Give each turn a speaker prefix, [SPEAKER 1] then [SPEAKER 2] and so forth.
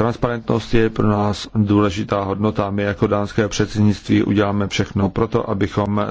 [SPEAKER 1] Transparentnost je pro nás důležitá hodnota. My jako dánské předsednictví uděláme všechno proto, abychom